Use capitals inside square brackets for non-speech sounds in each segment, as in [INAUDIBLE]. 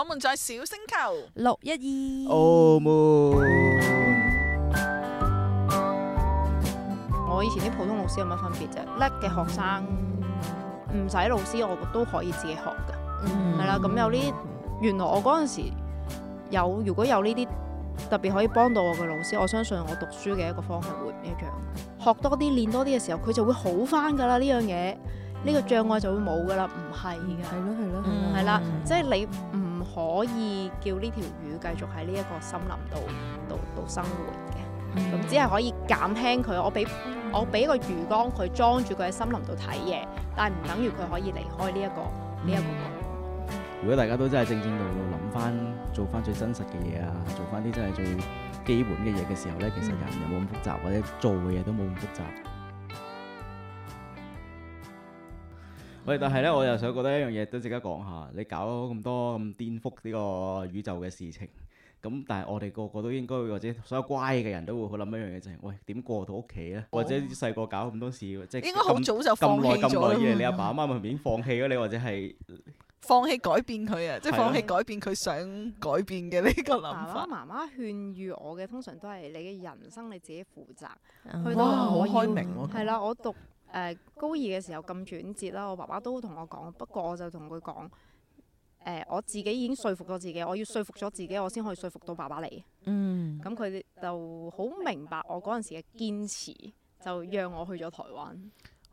我們在小星球六一二澳門，我以前啲普通老師有乜分別啫？叻嘅學生唔使老師，我都可以自己學噶。係啦、嗯，咁有啲原來我嗰陣時有，如果有呢啲特別可以幫到我嘅老師，我相信我讀書嘅一個方向會唔一樣。學多啲，練多啲嘅時候，佢就會好翻噶啦。呢樣嘢，呢、這個障礙就會冇噶啦，唔係噶。係咯、嗯，係咯，係啦、嗯，即係你唔。嗯可以叫呢條魚繼續喺呢一個森林度度度生活嘅，咁只係可以減輕佢。我俾我俾個魚缸佢裝住佢喺森林度睇嘢，但係唔等於佢可以離開呢一個呢一個。嗯、如果大家都真係正正道道諗翻，做翻最真實嘅嘢啊，做翻啲真係最基本嘅嘢嘅時候咧，其實人又冇咁複雜，或者做嘅嘢都冇咁複雜。喂，但係咧，我又想覺得一樣嘢，都即刻講下。你搞咁多咁顛覆呢個宇宙嘅事情，咁但係我哋個個都應該會，或者所有乖嘅人都會去諗一樣嘢，就是，就係喂點過到屋企咧？哦、或者細個搞咁多事，即係應該好早就放棄咗。咁耐咁耐以嚟，嗯、你阿爸阿媽咪唔係已經放棄咗你，或者係放棄改變佢啊？即係放棄改變佢想改變嘅呢個諗法。爸爸媽，媽媽勸喻我嘅，通常都係你嘅人生你自己負責。哇，好開明喎！係啦，我讀。誒、呃、高二嘅時候咁轉折啦，我爸爸都同我講，不過我就同佢講，誒、呃、我自己已經說服咗自己，我要說服咗自己，我先可以說服到爸爸你。咁佢、嗯嗯、就好明白我嗰陣時嘅堅持，就讓我去咗台灣。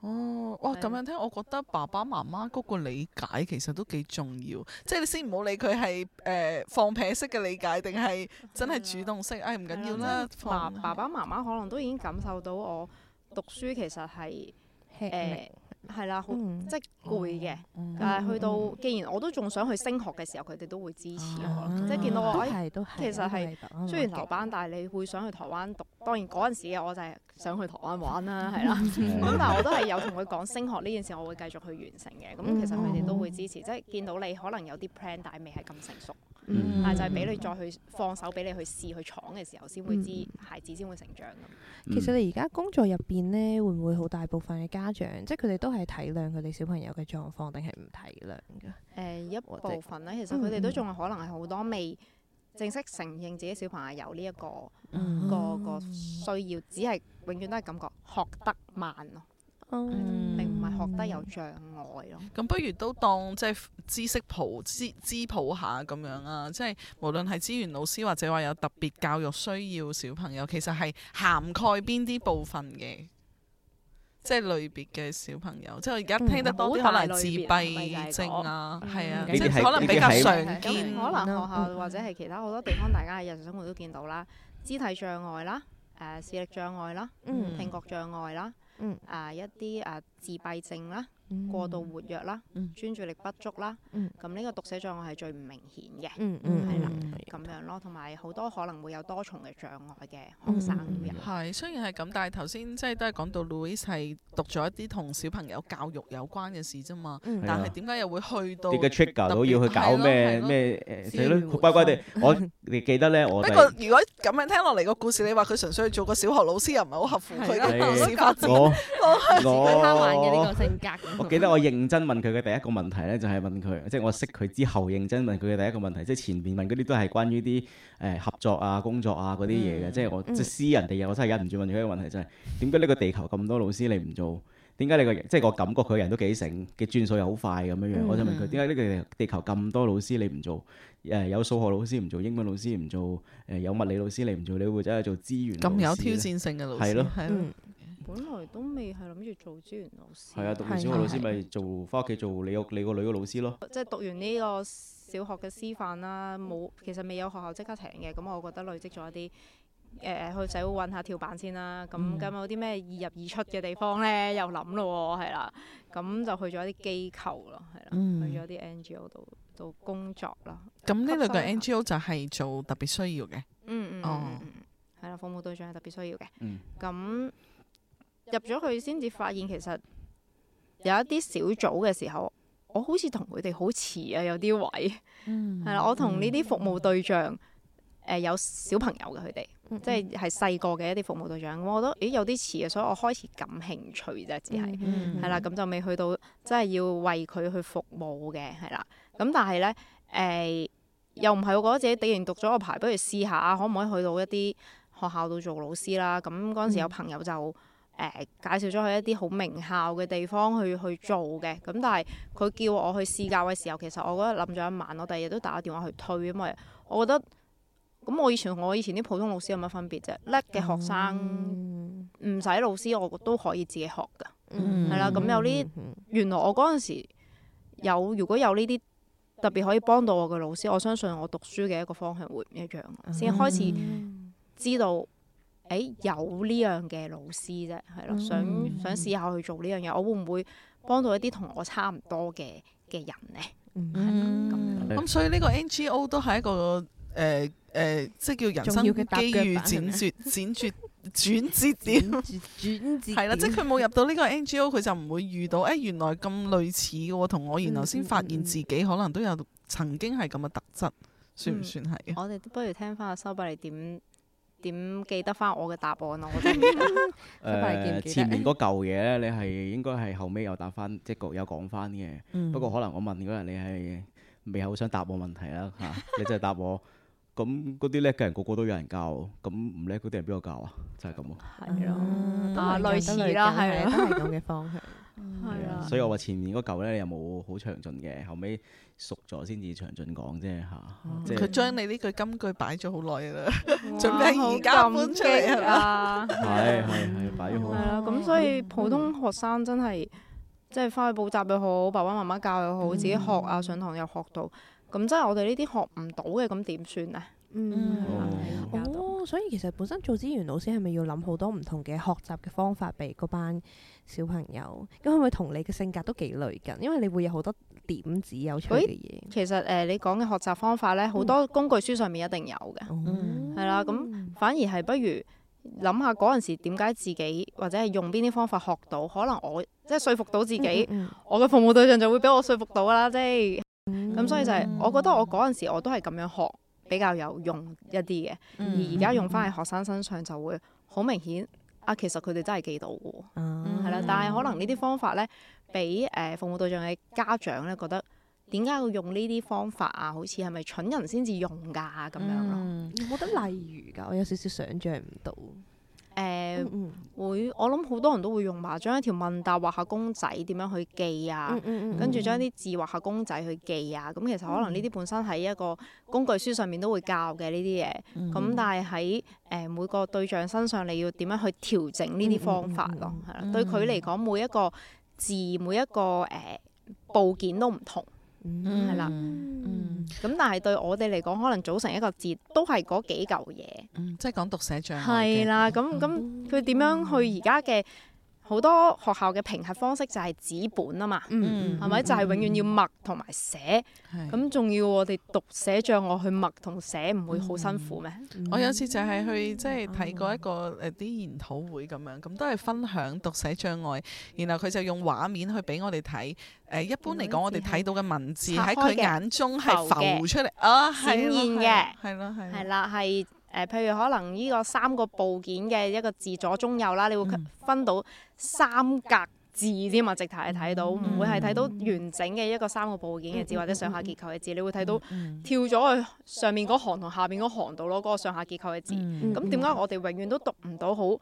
哦，哇！咁是樣聽，我覺得爸爸媽媽嗰個理解其實都幾重要，即、就、係、是、你先唔好理佢係誒放屁式嘅理解，定係真係主動式。誒唔緊要啦。爸、嗯，放爸爸媽媽可能都已經感受到我讀書其實係。誒係啦，好，即係攰嘅，但係去到既然我都仲想去升學嘅時候，佢哋都會支持我，即係見到我誒，其實係雖然留班，但係你會想去台灣讀。當然嗰陣時嘅我就係想去台灣玩啦，係啦。咁但係我都係有同佢講升學呢件事，我會繼續去完成嘅。咁其實佢哋都會支持，即係見到你可能有啲 plan，但係未係咁成熟。嗯、但就係俾你再去放手俾你去試去闖嘅時候，先會知孩子先會成長、嗯、其實你而家工作入邊呢，會唔會好大部分嘅家長，即係佢哋都係體諒佢哋小朋友嘅狀況，定係唔體諒噶？誒、呃，一部分咧，即其實佢哋都仲係可能係好多未正式承認自己小朋友有呢、這、一個、嗯、個個需要，只係永遠都係感覺學得慢咯，嗯，並唔係學得有障礙咯。咁不如都當即係、就是、知識補知知普下咁樣啊！即、就、係、是、無論係資源老師或者話有特別教育需要小朋友，其實係涵蓋邊啲部分嘅，即、就、係、是、類別嘅小朋友。即係我而家聽得到，可能自閉症啊，係啊，即係可能比較常見。可能學校或者係其他好多地方，大家喺日常生活都見到啦。肢體障礙啦，誒、呃、視力障礙啦，嗯，聽覺障礙啦。嗯。嗯，啊一啲啊自閉症啦、啊。過度活躍啦，專注力不足啦，咁呢個讀寫障礙係最唔明顯嘅，係啦，咁樣咯，同埋好多可能會有多重嘅障礙嘅學生咁樣。係雖然係咁，但係頭先即係都係講到 Louise 係讀咗一啲同小朋友教育有關嘅事啫嘛，但係點解又會去到？啲 trigger 要去搞咩咩？死啦！乖乖哋。我你記得咧，我不過如果咁樣聽落嚟個故事，你話佢純粹做個小學老師又唔係好合乎佢嘅故事玩嘅呢個性格。我記得我認真問佢嘅第一個問題咧，就係、是、問佢，即、就、係、是、我識佢之後認真問佢嘅第一個問題，即、就、係、是、前面問嗰啲都係關於啲誒合作啊、工作啊嗰啲嘢嘅，嗯、即係我即、嗯、私人哋嘢，我真係忍唔住問佢一個問題，就係點解呢個地球咁多老師你唔做？點解你個即係個感覺佢個人都幾醒，嘅轉數又好快咁樣樣？嗯、我就問佢點解呢個地球咁多老師你唔做？誒有數學老師唔做，英文老師唔做，誒有物理老師你唔做，你會走去做資源？咁有挑戰性嘅老師。咯了。嗯本來都未係諗住做資源老師。係啊，讀完小學老師咪做翻屋企做你個你個女個老師咯。即係讀完呢個小學嘅師範啦，冇其實未有學校即刻請嘅，咁我覺得累積咗一啲誒、呃、去社會揾下跳板先啦。咁咁有啲咩易入易出嘅地方咧？又諗咯，係、嗯、啦，咁就去咗一啲機構咯，係、嗯、啦，去咗啲 N G O 度度工作啦。咁呢兩個 N G O 就係做特別需要嘅、嗯嗯，嗯嗯哦，係啦，服務對象係特別需要嘅，咁、嗯。嗯入咗去先至發現其實有一啲小組嘅時候，我好似同佢哋好似啊，有啲位係啦。 [LAUGHS] mm hmm. 我同呢啲服務對象誒、呃，有小朋友嘅佢哋，mm hmm. 即係係細個嘅一啲服務對象。我覺得咦，有啲似啊，所以我開始感興趣只係係啦。咁、mm hmm. [LAUGHS] 就未去到真係要為佢去服務嘅係啦。咁但係呢，誒、呃，又唔係我覺得自己突然讀咗個牌，不如試下可唔可以去到一啲學校度做老師啦？咁嗰陣時有朋友就。Mm hmm. 誒、呃、介紹咗去一啲好名校嘅地方去去做嘅，咁但係佢叫我去試教嘅時候，其實我覺得諗咗一晚，我第二日都打電話去推。因為我覺得咁我以前同我以前啲普通老師有乜分別啫？叻嘅、嗯、學生唔使老師，我都可以自己學噶，係啦、嗯。咁有啲原來我嗰陣時有如果有呢啲特別可以幫到我嘅老師，我相信我讀書嘅一個方向會唔一樣，先、嗯、開始知道。誒有呢樣嘅老師啫，係咯，想想試下去做呢樣嘢，我會唔會幫到一啲同我差唔多嘅嘅人呢？咁、嗯嗯、所以呢個 NGO 都係一個誒誒、呃呃，即係叫人生嘅機遇絕剪絕剪絕轉折轉折轉折點。 [LAUGHS] 的轉係啦， [LAUGHS] 即係佢冇入到呢個 NGO，佢就唔會遇到誒 [LAUGHS] 原來咁類似嘅喎，同我然後先發現自己可能都有曾經係咁嘅特質，嗯、算唔算係、嗯？我哋不如聽翻阿收伯你點？點記得翻我嘅答案咯？我真 [LAUGHS] 呃、唔記得。前面嗰舊嘢咧，你係應該係後尾有答翻，即係各有講翻嘅。嗯、不過可能我問嗰人，你係未係好想答我問題啦嚇、 [LAUGHS] 啊？你就係答我。咁嗰啲叻嘅人個個都有人教，咁唔叻嗰啲人邊個教、就係、啊？就係咁咯。係咯，似是啊，類似啦，係咯，都係咁嘅方向。所以我話前面嗰嚿你有冇好詳盡嘅？後尾熟咗先至詳盡講啫嚇。佢、啊、將是你呢句金句擺咗好耐啦，哇準備而家搬出嚟啦。係係係擺好。係啦，咁 [NOISE] [NOISE] 所以普通學生真係即係翻去補習又好，爸爸媽媽教又好，自己學啊上堂又學到，咁即係我哋呢啲學唔到嘅咁點算咧？嗯所以其實本身做資源老師係咪要諗好多唔同嘅學習嘅方法俾嗰班小朋友？咁可唔可以同你嘅性格都幾類近，因為你會有好多點子有趣嘅嘢。其實誒、呃，你講嘅學習方法咧，好多工具書上面一定有嘅，係啦、嗯。咁反而係不如諗下嗰陣時點解自己或者係用邊啲方法學到？可能我即係、就是、說服到自己，嗯、我嘅服務對象就會俾我說服到啦。即係咁，所以就係我覺得我嗰陣時我都係咁樣學。比較有用一啲嘅，嗯、而而家用翻喺學生身上就會好明顯、嗯、啊！其實佢哋真係記到嘅，係啦、嗯嗯，但係可能呢啲方法咧，俾誒、呃、服務對象嘅家長咧覺得點解要用呢啲方法啊？好似係咪蠢人先至用㗎咁、啊、樣咯、嗯？我覺得例如㗎？我有少少想象唔到。誒、呃嗯嗯、會，我諗好多人都會用埋，將一條問答畫下公仔點樣去記啊，嗯嗯嗯、跟住將啲字畫下公仔去記啊。咁、嗯嗯、其實可能呢啲本身喺一個工具書上面都會教嘅呢啲嘢。咁、嗯嗯嗯、但係喺誒每個對象身上，你要點樣去調整呢啲方法咯？係啦、嗯，嗯嗯、對佢嚟講，每一個字、每一個誒、呃、部件都唔同。嗯，係啦了，嗯，咁但係對我哋嚟講，嗯，可能組成一個字都係嗰幾嚿嘢，嗯，即係講讀寫障礙嘅。係啦，咁咁佢點樣去而家嘅？好多學校嘅評核方式就係紙本啊嘛，係咪、嗯？就係、是、永遠要默同埋寫，咁仲是要我哋讀寫障礙去默同寫，唔會好辛苦咩？嗯、我有次就係去即係睇過一個誒啲研討會咁樣，咁都係分享讀寫障礙，然後佢就用畫面去俾我哋睇。誒一般嚟講，我哋睇到嘅文字喺佢眼中係浮出嚟，哦、啊，顯現嘅，係咯，係，係啦，係。呃、譬如可能呢個三個部件嘅一個字左中右啦，你會分到三格字添嘛。嗯、直頭係睇到，唔、嗯、會係睇到完整嘅一個三個部件嘅字、嗯、或者上下結構嘅字，嗯、你會睇到跳咗去上面嗰行同下面嗰行度咯，嗰、嗰個上下結構嘅字。咁點解我哋永遠都讀唔到好誒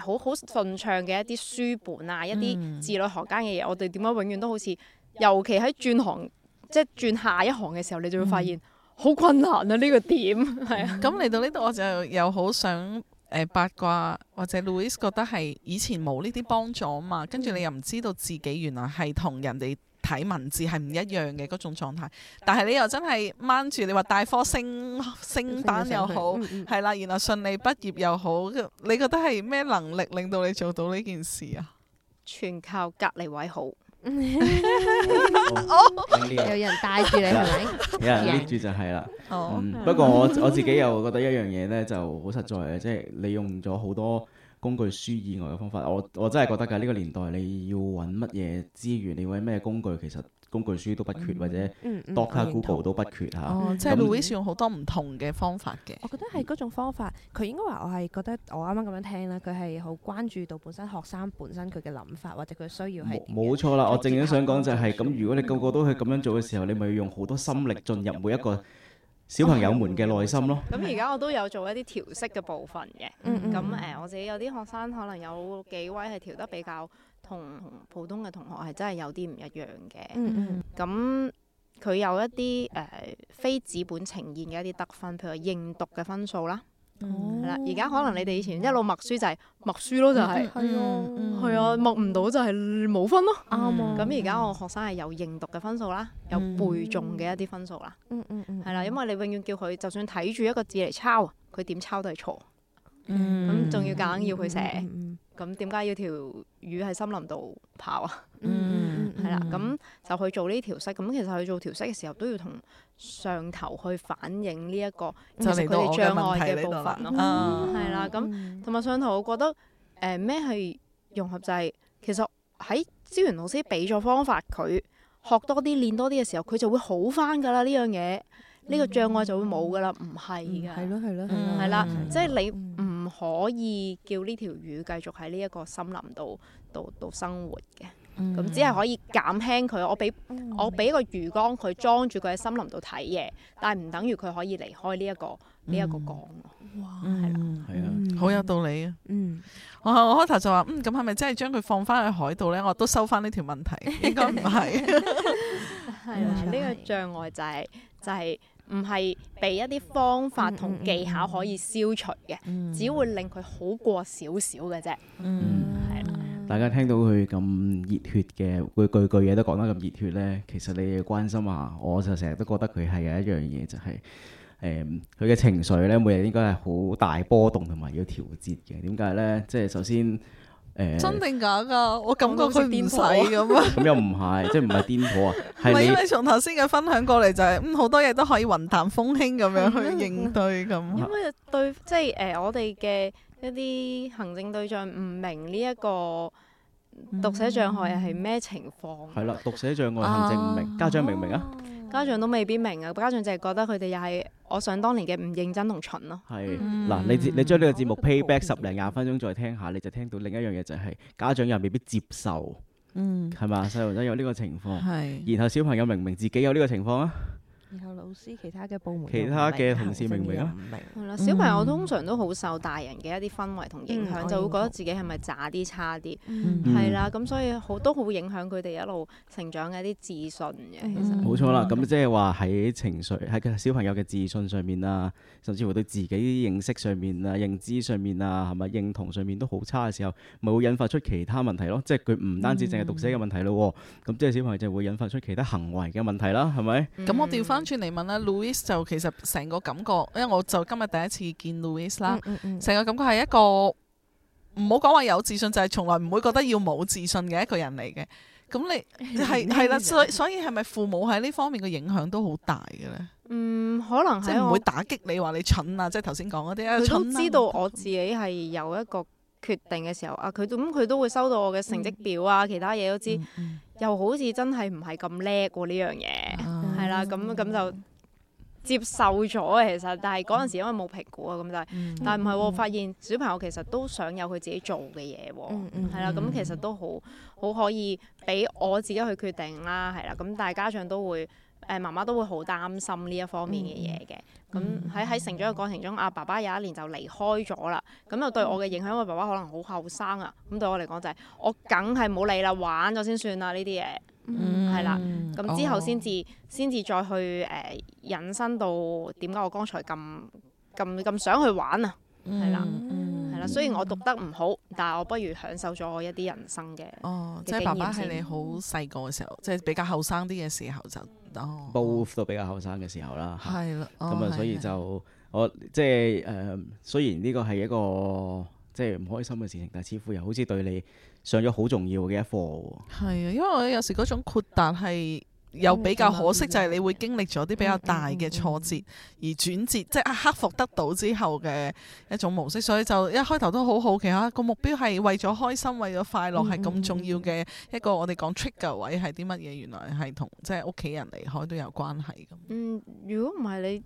好好順暢嘅一啲書本啊，一啲字裏行間嘅嘢？我哋點解永遠都好似，尤其喺轉行，即係轉下一行嘅時候，你就會發現。嗯好困難啊！呢、這個點係啊，咁 [LAUGHS] 嚟、嗯、到呢度我就又好想誒八卦，或者 Louis 覺得係以前冇呢啲幫助啊嘛，跟住你又唔知道自己原來係同人哋睇文字係唔一樣嘅嗰種狀態，但係你又真係掹住你話大科升升單又好，係啦，然後順利畢業又好，你覺得係咩能力令到你做到呢件事啊？全靠隔籬位好。 [LAUGHS] 哦、 [LAUGHS] 有人帶住你係咪？ [LAUGHS] 有人搣住就係啦。嗯，不過我我自己又覺得一樣嘢呢就好實在嘅，即係你用咗好多工具書以外嘅方法，我我真係覺得㗎。呢個年代你要揾乜嘢資源，你要揾咩工具，其實～工具書都不缺，或者 Docker Google 都不缺嚇。哦，即係 Louis、嗯、用好多唔同嘅方法嘅。我覺得係嗰種方法，佢、嗯、應該話我係覺得我啱啱咁樣聽啦，佢係好關注到本身學生本身佢嘅諗法或者佢需要係點。冇錯啦，我正，正想講就係、是、咁。如果你個個都係咁樣做嘅時候，嗯、你咪要用好多心力進入每一個。小朋友們嘅內心咯，咁而家我都有做一啲調色嘅部分嘅，咁誒、嗯嗯、我自己有啲學生可能有幾位係調得比較同，同普通嘅同學係真係有啲唔一樣嘅，咁佢、嗯嗯、有一啲誒、呃、非紙本呈現嘅一啲得分，譬如話認讀嘅分數啦。係啦，而家、mm hmm. 可能你哋以前一路默書就係、係、默書咯、就係，就係、mm，係、hmm. 啊，mm hmm. 默唔到就係冇分咯。啱啊。咁而家我學生係有認讀嘅分數啦，有背誦嘅一啲分數啦。嗯嗯係啦，因為你永遠叫佢，就算睇住一個字嚟抄，佢點抄都係錯。咁仲、mm hmm. 要硬要佢寫。咁點解要條魚喺森林度跑啊？ [LAUGHS] 嗯，係啦，咁就去做呢啲調適。咁其實去做調適嘅時候，都要同上頭去反映呢一個其實佢哋障礙嘅部分咯。係啦、嗯，咁同埋上頭，我覺得誒咩係融合就係，其實喺資源老師俾咗方法，佢學多啲、練多啲嘅時候，佢就會好翻㗎啦。呢樣嘢，呢、呢個障礙就會冇㗎啦，唔係㗎。係咯、嗯，係咯，係啦。即係、嗯就是、你。可以叫呢條魚繼續喺呢一個森林度度度生活嘅，咁只係可以減輕佢。我俾我俾個魚缸佢裝住佢喺森林度睇嘢，但係唔等於佢可以離開呢、這、一個呢一個港。哇！係啊、嗯，係、嗯、啊，好有道理啊、嗯！嗯，我我開頭就話嗯，咁係咪真係將佢放翻去海度咧？我都收翻呢條問題，應該唔係。係啦，呢個障礙就係就係。唔係被一啲方法同技巧可以消除嘅，嗯、只會令佢好過少少嘅啫。嗯，係啦的。大家聽到佢咁熱血嘅，句句嘢都講得咁熱血呢，其實你要關心下，我就成日都覺得佢係有一樣嘢，就係誒佢嘅情緒呢，每日應該係好大波動同埋要調節嘅。點解呢？即係首先。欸、真定假噶？我感覺佢唔使咁啊！咁又唔係，即係唔係癲婆啊？唔係因為從頭先嘅分享過嚟就係、是， [LAUGHS] 嗯、好、嗯、多嘢都可以雲淡風輕咁樣去應對咁。 [LAUGHS] 因為對，即係誒，我哋嘅一啲行政對象唔明呢一、這個讀寫障礙係咩情況？係啦、嗯， [LAUGHS] 讀寫障礙行政唔明，啊、家長明唔明啊？啊家長都未必明啊！家長就係覺得佢哋又係我想當年嘅唔認真同蠢咯。係嗱是、嗯，你你將呢個節目 pay back、嗯、十零廿分鐘再聽下，你就聽到另一樣嘢就係、是、家長又未必接受，嗯，係嘛？細路仔有呢個情況，是然後小朋友明唔明自己有呢個情況啊。然後老師，其他嘅部門其他嘅同事明唔明啊？唔明。係、嗯、啦，小朋友通常都好受大人嘅一啲氛圍同影響，嗯、就會覺得自己係咪渣啲、差啲？係、嗯、啦，咁所以好都好影響佢哋一路成長嘅一啲自信嘅。其實冇錯、嗯嗯、啦，咁即係話喺情緒喺小朋友嘅自信上面啊，甚至乎對自己認識上面啊、認知上面啊、係咪認同上面都好差嘅時候，咪會引發出其他問題咯？即係佢唔單止淨係讀寫嘅問題咯。咁即係小朋友就會引發出其他行為嘅問題啦，係咪、嗯？咁我調翻。跟住嚟問啦 Louis，就其實成個感覺，因為我就今日第一次見 Louis 啦、嗯，成、嗯嗯、個感覺係一個唔好講話有自信，就係、是、從來唔會覺得要冇自信嘅一個人嚟嘅。咁你係係啦，所所以係咪父母喺呢方面嘅影響都好大嘅咧？嗯，可能係即唔會打擊你話你蠢啊！即係頭先講嗰啲啊，佢、就是、知道我自己係有一個決定嘅時候啊，佢咁佢都會收到我嘅成績表啊，嗯、其他嘢都知，嗯嗯、又好似真係唔係咁叻過呢樣嘢。啊啊係啦，咁咁就接受咗其實，但係嗰陣時因為冇評估啊，咁就但係唔係喎，嗯、發現小朋友其實都想有佢自己做嘅嘢喎，係啦、嗯，咁其實都好好可以俾我自己去決定啦，係啦，咁大家長都會誒媽媽都會好擔心呢一方面嘅嘢嘅，咁喺喺成長嘅過程中，阿、啊、爸爸有一年就離開咗啦，咁又對我嘅影響，因為爸爸可能好後生啊，咁對我嚟講就係、是、我梗係冇理啦，玩咗先算啦呢啲嘢。嗯，係啦、mm，咁、hmm. 之後先至，先至、oh. 再去誒、呃、引申到點解我剛才咁咁咁想去玩啊？係啦，係啦。雖然我讀得唔好，但係我不如享受咗我一啲人生嘅哦。Oh, 即係爸爸係你好細個嘅時候，即、就、係、是、比較後生啲嘅時候 both 都、oh. 比較後生嘅時候啦。係咯、mm，咁、hmm. 啊，所以就我即係誒、呃，雖然呢個係一個即係唔開心嘅事情，但似乎又好似對你。上咗好重要嘅一課喎，係啊，因為我有時嗰種豁達係又比較可惜，嗯嗯、就係你會經歷咗啲比較大嘅挫折而轉折，嗯嗯、即係克服得到之後嘅一種模式。所以就一開頭都好好奇，下、啊、個目標係為咗開心，為咗快樂係咁重要嘅一個我。我哋講 trigger 位係啲乜嘢？原來係同即係屋企人離開都有關係咁。嗯，如果唔係你，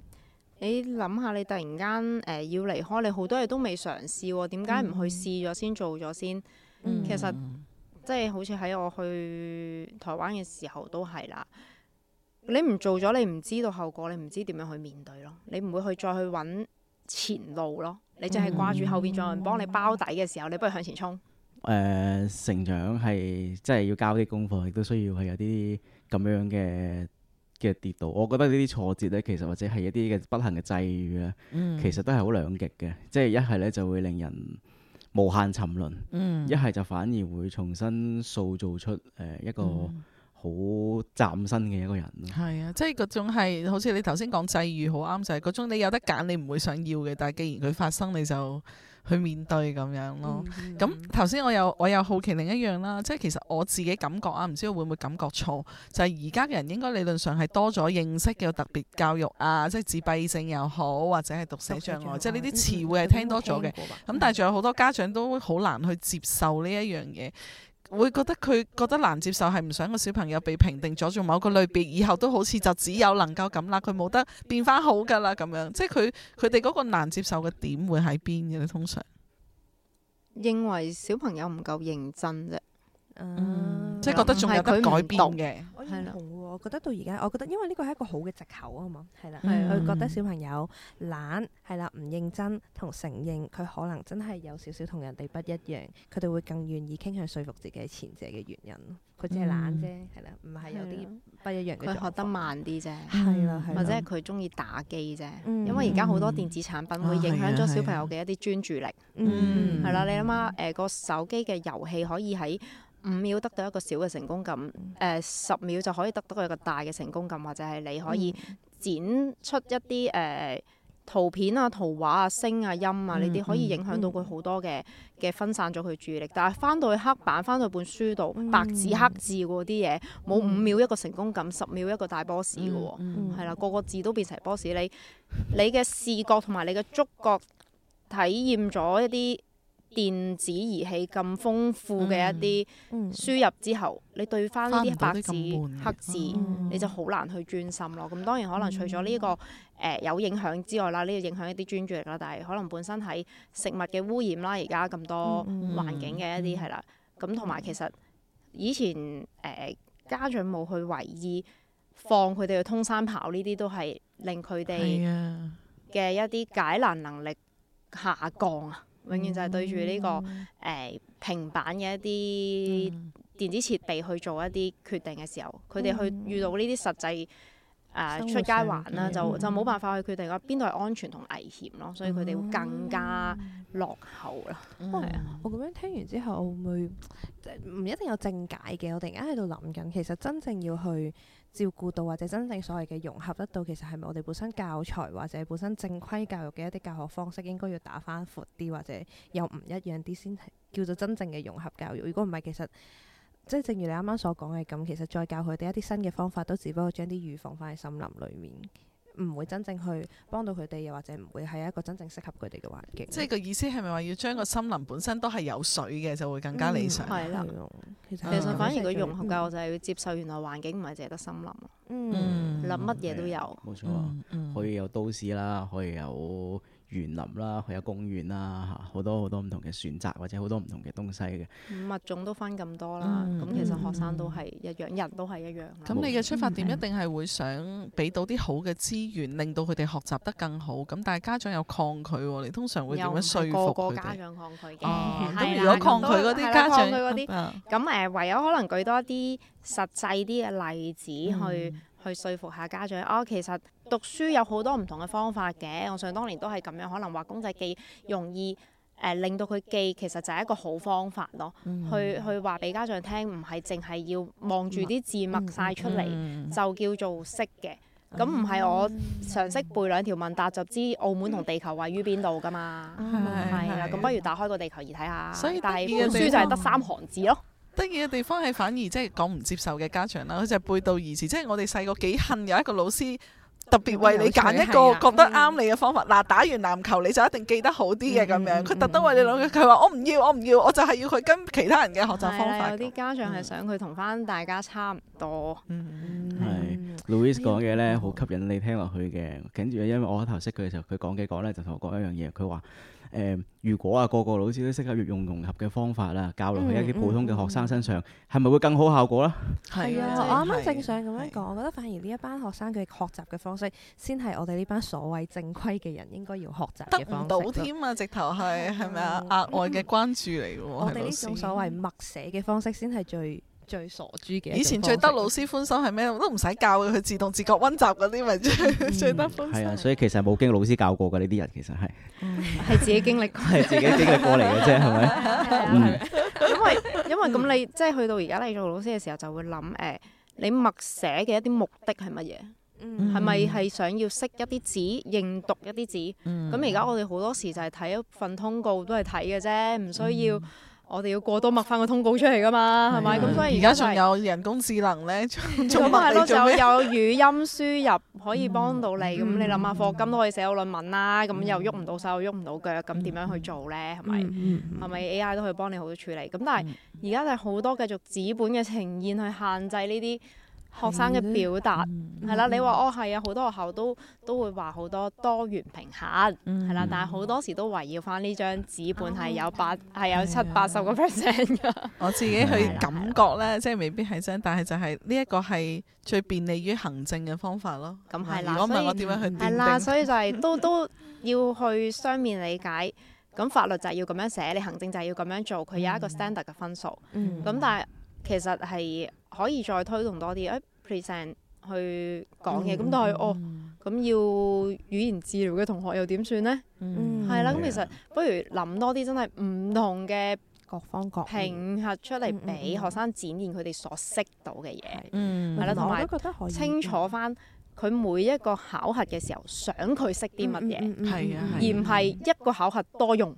你諗下，你突然間誒、呃、要離開，你好多嘢都未嘗試，點解唔去試咗先做咗先？嗯嗯、其實即係、就是、好似喺我去台灣嘅時候都係啦，你唔做咗，你唔知道後果，你唔知點樣去面對咯，你唔會去再去揾前路咯，你淨係掛住後邊仲有人幫你包底嘅時候，嗯、你不如向前衝。誒、呃、成長係即係要交啲功課，亦都需要係有啲咁樣嘅嘅跌倒。我覺得呢啲挫折呢，其實或者係一啲嘅不幸嘅際遇咧，嗯、其實都係好兩極嘅，即係一係呢，就會令人，無限沉淪，一係就反而會重新塑造出誒一個好嶄新嘅一個人咯。嗯、啊，即係嗰種係好似你頭先講際遇好啱就係、是、嗰種，你有得揀你唔會想要嘅，但係既然佢發生你就。去面對咁樣咯。咁頭先我又我又好奇另一樣啦，即係其實我自己感覺啊，唔知會唔會感覺錯，就係而家嘅人應該理論上係多咗認識嘅特別教育啊，即係自閉症又好，或者係讀寫障礙，即係呢啲詞彙係聽多咗嘅。咁、嗯嗯嗯、但係仲有好多家長都好難去接受呢一樣嘢。會覺得佢覺得難接受係唔想個小朋友被評定咗做某個類別，以後都好似就只有能夠咁啦，佢冇得變翻好噶啦咁樣，即係佢佢哋嗰個難接受嘅點會喺邊嘅咧？通常認為小朋友唔夠認真啫。嗯，即係覺得仲有得改變嘅，我認同覺得到而家，我覺得因為呢個係一個好嘅借口啊，係嘛，係啦，係佢覺得小朋友懶係啦，唔認真同承認佢可能真係有少少同人哋不一樣，佢哋會更願意傾向說服自己前者嘅原因。佢只係懶啫，係啦，唔係有啲不一樣嘅。佢學得慢啲啫，係啦，或者係佢中意打機啫。因為而家好多電子產品會影響咗小朋友嘅一啲專注力。嗯，係啦，你諗下，誒個手機嘅遊戲可以喺。五秒得到一個小嘅成功感，誒、呃、十秒就可以得到一個大嘅成功感，或者係你可以剪出一啲誒、呃、圖片啊、圖畫啊、聲啊、音啊呢啲，可以影響到佢好多嘅嘅、嗯、分散咗佢注意力。但係翻到去黑板，翻到本書度，嗯、白紙黑字啲嘢，冇五秒一個成功感，十秒一個大 boss 嘅喎，係啦、嗯，個、嗯、個字都變成 boss。你你嘅視覺同埋你嘅觸覺體驗咗一啲，電子儀器咁豐富嘅一啲輸入之後，嗯嗯、你對翻呢啲白紙黑字，子嗯、你就好難去專心咯。咁、嗯、當然可能除咗呢、這個誒、呃、有影響之外啦，呢、這個影響一啲專注力啦。但係可能本身喺食物嘅污染啦，而家咁多環境嘅一啲係、嗯嗯、啦。咁同埋其實以前誒、呃、家長冇去為意，放佢哋去通山跑，呢啲都係令佢哋嘅一啲解難能力下降啊。永遠就係對住呢、這個誒、嗯呃、平板嘅一啲電子設備去做一啲決定嘅時候，佢哋、嗯、去遇到呢啲實際誒、呃、活出街玩啦、啊嗯，就就冇辦法去決定個邊度係安全同危險咯，所以佢哋會更加落後啦。係、嗯、啊，哦、我咁樣聽完之後，會唔、嗯、一定有正解嘅。我突然間喺度諗緊，其實真正要去。照顧到或者真正所謂嘅融合得到，其實係咪我哋本身教材或者本身正規教育嘅一啲教學方式應該要打翻闊啲，或者又唔一樣啲先叫做真正嘅融合教育？如果唔係，其實即係正如你啱啱所講嘅咁，其實再教佢哋一啲新嘅方法，都只不過將啲樹放翻喺森林裏面。唔會真正去幫到佢哋，又或者唔會係一個真正適合佢哋嘅環境。即係個意思係咪話要將個森林本身都係有水嘅，就會更加理想？係啦、嗯，其實、嗯、反而個融合教就係要接受原來環境唔係淨係得森林，嗱，乜嘢都有。冇、嗯嗯嗯、錯，可以有都市啦，可以有。園林啦，去下公園啦，嚇好多好多唔同嘅選擇，或者好多唔同嘅東西嘅。物種都分咁多啦，咁、嗯、其實學生都係一樣，嗯、人都係一樣。咁你嘅出發點一定係會想俾到啲好嘅資源，令到佢哋學習得更好。咁但係家長又抗拒喎，你通常會點樣說服佢哋？個個家長抗拒嘅。咁、啊、如果抗拒嗰啲家長，抗拒嗰啲，咁誒唯有可能舉多啲實際啲嘅例子去。去說服下家長哦，其實讀書有好多唔同嘅方法嘅。我想當年都係咁樣，可能畫公仔記容易，誒、呃、令到佢記，其實就係一個好方法咯、嗯。去去話俾家長聽，唔係淨係要望住啲字默晒出嚟、嗯嗯、就叫做識嘅。咁唔係我常識背兩條問答就知澳門同地球位於邊度㗎嘛？係啦，咁不如打開個地球儀睇下。所以、但係本書就係得三行字咯。得意嘅地方係反而即係講唔接受嘅家長啦，佢就係背道而馳，即係我哋細個幾恨有一個老師特別為你揀一個覺得啱你嘅方法。嗱、嗯，打完籃球你就一定記得好啲嘅咁樣，佢、嗯嗯、特登為你攞佢話：我唔要，我唔要，我就係要佢跟其他人嘅學習方法。嗯、有啲家長係想佢同翻大家差唔多。嗯，Louis 講嘅咧好吸引你聽落去嘅，跟住因為我頭識佢嘅時候，佢講嘅講咧就同我講一樣嘢，佢話。誒，如果啊個個老師都適合用融合嘅方法啦，教落去一啲普通嘅學生身上，係咪會更好效果呢？係啊，就是、我啱啱正想咁樣講，我覺得反而呢一班學生佢學習嘅方式，先係我哋呢班所謂正規嘅人應該要學習得唔到添啊！直頭係係咪啊？額、嗯、外嘅關注嚟喎，嗯、我哋呢種所謂默寫嘅方式先係最。最傻豬嘅，以前最得老師歡心係咩？我都唔使教佢，自動自覺温習嗰啲，咪、嗯、最得歡心。係啊，所以其實冇經老師教過嘅呢啲人，其實係係自己經歷，係、嗯、自己經歷過嚟嘅啫，係咪？ [LAUGHS] 因為因為咁你即係去到而家你做老師嘅時候就會諗誒， [LAUGHS] 你默寫嘅一啲目的係乜嘢？嗯，係咪係想要識一啲字，認讀一啲字？咁而家我哋好多時就係睇一份通告都係睇嘅啫，唔需要、嗯。我哋要過多默翻個通告出嚟㗎嘛，係咪的？咁所以而家仲有人工智能咧， [LAUGHS] 做做麥你有語音輸入可以幫到你，咁、嗯、你諗下，霍金都可以寫好論文啦，咁、嗯、又喐唔到手，喐唔到腳，咁點樣去做咧？係咪、嗯？係咪、嗯、AI 都可以幫你好多處理？咁、嗯、但係而家係好多繼續紙本嘅呈現去限制呢啲。學生嘅表達係啦，你話哦係啊，好多學校都都會話好多多元平衡係啦，但係好多時都圍繞翻呢張紙本係有八係有七八十個 percent 嘅。我自己去感覺呢，即係未必係真，但係就係呢一個係最便利於行政嘅方法咯。咁係啦，所以係啦，所以就係都都要去雙面理解。咁法律就係要咁樣寫，你行政就係要咁樣做。佢有一個 standard 嘅分數。嗯。咁但係其實係。可以再推動多啲誒 present 去講嘢，咁但係哦，咁要語言治療嘅同學又點算呢？嗯，係啦，咁其實不如諗多啲真係唔同嘅各方各評核出嚟俾學生展現佢哋所識到嘅嘢，嗯，係啦，同埋清楚返佢每一個考核嘅時候想佢識啲乜嘢，係啊，而唔係一個考核多用，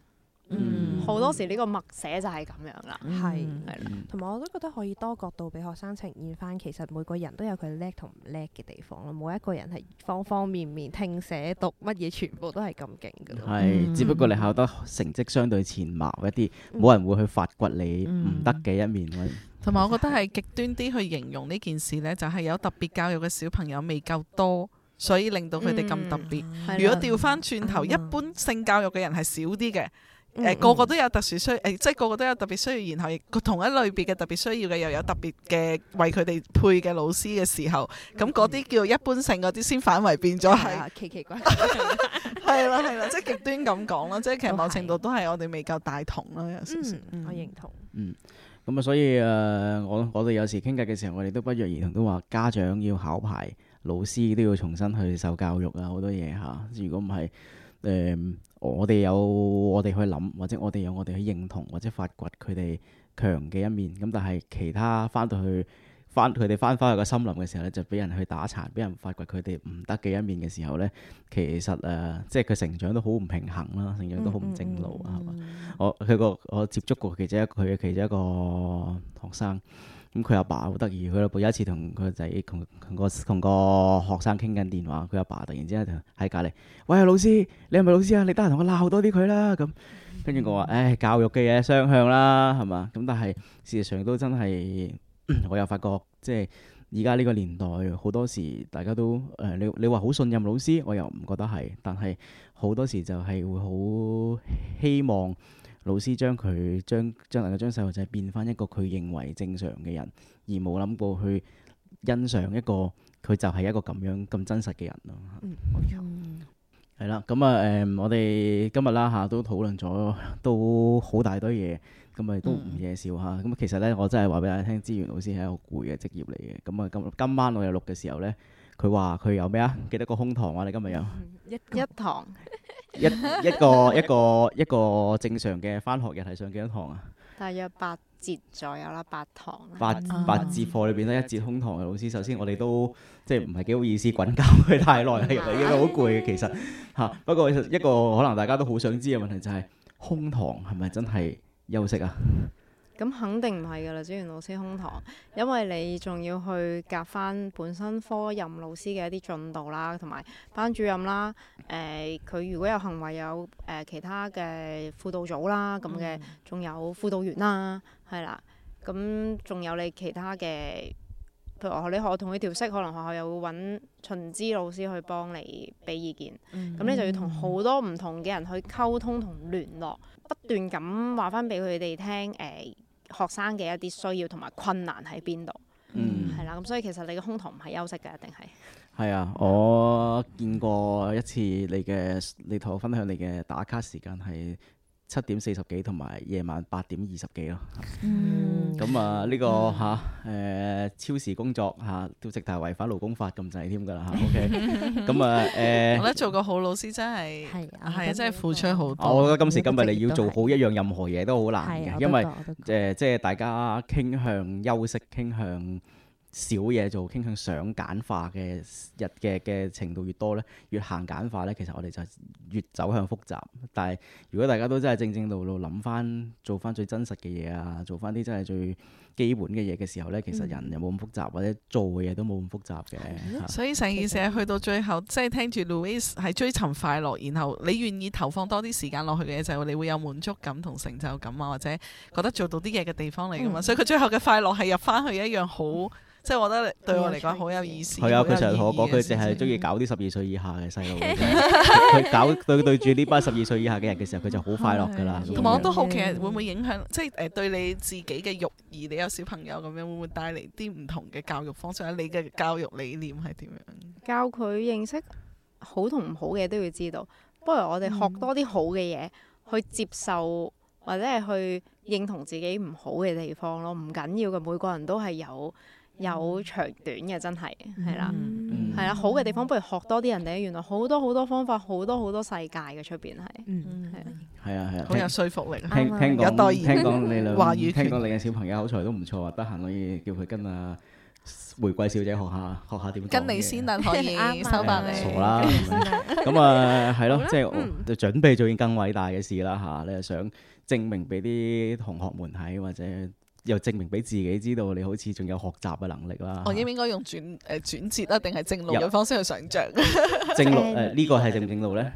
嗯。好多時呢個默寫就係咁樣啦，係是，係啦、嗯。同埋我都覺得可以多角度俾學生呈現翻，其實每個人都有佢叻同唔叻嘅地方咯。每一個人係方方面面聽寫讀乜嘢，全部都係咁勁㗎。係是，嗯、只不過你考得成績相對前茅一啲，冇人會去發掘你唔得嘅一面同埋、嗯嗯、我覺得係極端啲去形容呢件事呢，就係有特別教育嘅小朋友未夠多，所以令到佢哋咁特別。嗯、如果調翻轉頭，嗯、一般性教育嘅人係少啲嘅。誒、mm hmm. 呃、個個都有特殊需誒，即係個個都有特別需要，然後同一類別嘅特別需要嘅又有特別嘅為佢哋配嘅老師嘅時候，咁嗰啲叫一般性嗰啲先反為變咗係、mm hmm. [LAUGHS] 奇奇怪怪。 [LAUGHS] [LAUGHS] 係啦係啦，即係極端咁講啦，即係其實某程度都係我哋未夠大同咯，有時我認同嗯，咁啊，所以誒、呃，我我哋有時傾偈嘅時候，我哋都不約而同都話家長要考牌，老師都要重新去受教育啊，好多嘢吓，如果唔係。誒、嗯，我哋有我哋去諗，或者我哋有我哋去認同，或者發掘佢哋強嘅一面。咁但係其他翻到去翻佢哋翻翻入個森林嘅時候咧，就俾人去打殘，俾人發掘佢哋唔得嘅一面嘅時候咧，其實誒、呃，即係佢成長都好唔平衡啦，成長都好唔正路啊、嗯嗯嗯。係嘛？我佢個我接觸過其中一個佢嘅其中一個學生。咁佢阿爸好得意，佢老婆有一次同佢仔同同個同個學生傾緊電話，佢阿爸，爸突然之間就喺隔籬，喂老師，你係咪老師啊？你得閒同我鬧多啲佢啦咁。跟住我話，唉，教育嘅嘢雙向啦，係嘛？咁但係事實上都真係，我又發覺即係而家呢個年代好多時大家都誒、呃，你你話好信任老師，我又唔覺得係，但係好多時就係會好希望。老師將佢將將能夠將細路仔變翻一個佢認為正常嘅人，而冇諗過去欣賞一個佢就係一個咁樣咁真實嘅人咯、嗯嗯啊。嗯，冇錯。係、啊、啦，咁啊誒，我哋今日啦嚇都討論咗，都好大堆嘢，咁咪都唔嘢笑嚇。咁、嗯嗯、其實咧，我真係話俾大家聽，資源老師係一個攰嘅職業嚟嘅。咁啊今今晚我哋錄嘅時候咧，佢話佢有咩啊？幾多、嗯、個空堂啊？你今日有？嗯、一一堂。 [LAUGHS] 一 [LAUGHS] [LAUGHS] 一個一個一個正常嘅返學日係上幾多堂啊？大約八節左右啦，八堂。八八節課裏邊咧，一節空堂嘅老師，首先我哋都即係唔係幾好意思，滾交佢太耐啦，其實好攰嘅，其實嚇。不過一個可能大家都好想知嘅問題就係、是，空堂係咪真係休息啊？咁肯定唔係噶啦，資源老師空堂，因為你仲要去夾翻本身科任老師嘅一啲進度啦，同埋班主任啦，誒、呃、佢如果有行為有誒、呃、其他嘅輔導組啦咁嘅，仲有輔導員啦，係啦，咁仲有你其他嘅，譬如學你學我同佢調適，可能學校又會揾巡資老師去幫你俾意見，咁、嗯、你就要同好多唔同嘅人去溝通同聯絡，不斷咁話翻俾佢哋聽，誒、呃。學生嘅一啲需要同埋困難喺邊度？係啦、嗯嗯，咁所以其實你個空堂唔係休息嘅，一定係。係啊，我見過一次你嘅，你同我分享你嘅打卡時間係，七點四十幾同埋夜晚八點二十幾咯，咁、嗯嗯、啊呢、這個呢個嚇、啊、誒、呃、超時工作嚇、啊、都直頭違反勞工法咁滯添㗎啦嚇，OK，咁、 [LAUGHS] 嗯、啊誒，我覺得做個好老師真係係啊，真係付出好多、嗯。我覺得今時今日你要做好一樣任何嘢都好難嘅，嗯嗯、因為誒、呃、即係大家傾向休息，傾向。少嘢做，傾向想簡化嘅日嘅嘅程度越多呢，越行簡化呢，其實我哋就越走向複雜。但係如果大家都真係正正路路諗翻，做翻最真實嘅嘢啊，做翻啲真係最～基本嘅嘢嘅時候咧，其實人又冇咁複雜，或者做嘅嘢都冇咁複雜嘅。啊、所以成件事去到最後，即係聽住 Louise 係追尋快樂，然後你願意投放多啲時間落去嘅就係、是、你會有滿足感同成就感啊，或者覺得做到啲嘢嘅地方嚟噶嘛。嗯、所以佢最後嘅快樂係入翻去一樣好，嗯、即係我覺得對我嚟講好有意思。係 [LAUGHS] 啊，佢成日同我講，佢淨係中意搞啲十二歲以下嘅細路。佢 [LAUGHS] 搞對對住呢班十二歲以下嘅人嘅時候，佢就好快樂㗎啦。同埋、嗯嗯、我都好奇，會唔會影響 [LAUGHS] 即係誒對你自己嘅育兒？有小朋友咁樣會唔會帶嚟啲唔同嘅教育方式？你嘅教育理念係點樣？教佢認識好同唔好嘅，都要知道，不如我哋學多啲好嘅嘢，嗯、去接受，或者係去認同自己唔好嘅地方咯。唔緊要嘅，每個人都係有、嗯、有長短嘅，真係係啦。係啊，好嘅地方不如學多啲人哋。原來好多好多方法，好多好多世界嘅出邊係。嗯，係啊，係啊，好有說服力。聽聽講，聽講你兩華語，聽講你嘅小朋友口才都唔錯，得閒可以叫佢跟阿玫瑰小姐學下，學下點。跟你先啊，可以收翻你。傻啦咁啊，係咯，即係準備做件更偉大嘅事啦嚇！你又想證明俾啲同學們睇，或者？又證明俾自己知道，你好似仲有學習嘅能力啦、啊。我應唔應該用轉誒轉折啦，定、呃、係、啊、正路嘅方式去想像？正路誒，呢個係正唔正路咧？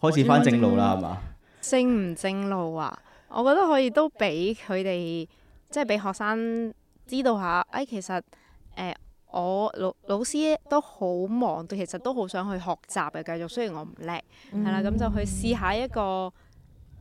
開始翻正路啦，係嘛？正唔正路啊？我覺得可以都俾佢哋，即係俾學生知道下，哎，其實誒、呃，我老老師都好忙，對，其實都好想去學習嘅，繼續。雖然我唔叻，係啦、嗯，咁就去試下一個。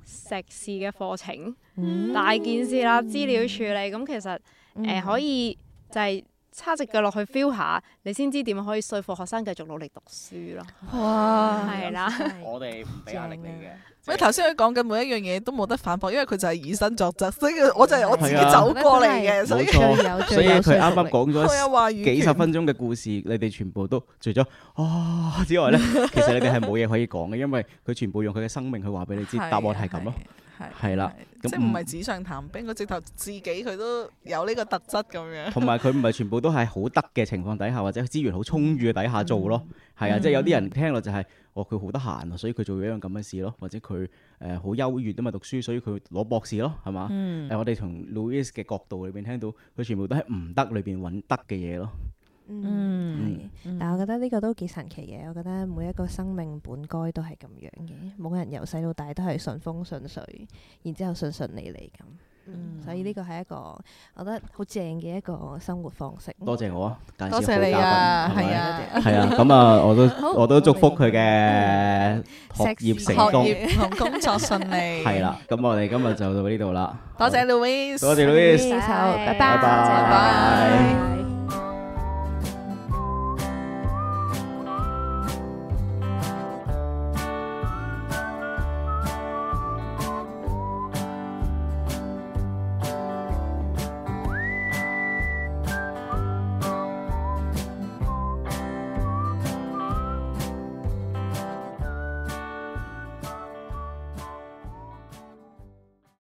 碩士嘅課程，mm hmm. 大件事啦，資料處理咁其實誒、呃 mm hmm. 可以就係、是。差隻腳落去 feel 下，你先知點樣可以說服學生繼續努力讀書咯。哇，係啦，我哋唔俾壓力你嘅。喂，頭先佢講嘅每一樣嘢都冇得反駁，因為佢就係以身作則，所以我就係我自己走過嚟嘅。所以，所以佢啱啱講咗幾十分鐘嘅故事，你哋全部都除咗哇之外咧，其實你哋係冇嘢可以講嘅，因為佢全部用佢嘅生命去話俾你知，答案係咁咯。係啦，即係唔係紙上談兵，佢那直頭自己佢都有呢個特質咁樣。同埋佢唔係全部都係好得嘅情況底下， [LAUGHS] 或者資源好充裕嘅底下做咯。係啊，即係有啲人聽落就係，是，哦佢好得閒啊，所以佢做一樣咁嘅事咯。或者佢誒好優越啊嘛，讀書所以佢攞博士咯，係嘛？誒、嗯呃，我哋從 Louis 嘅角度裏邊聽到，佢全部都係唔得裏邊揾得嘅嘢咯。嗯，係，但係我覺得呢個都幾神奇嘅，我覺得每一個生命本該都係咁樣嘅，冇人由細到大都係順風順水，然之後順順利利咁，所以呢個係一個我覺得好正嘅一個生活方式。多謝我，多謝你啊，係啊，係啊，咁啊，我都我都祝福佢嘅學業成功同工作順利。係啦，咁我哋今日就到呢度啦。多謝 Louis，多謝 Louis，好，拜拜，拜拜。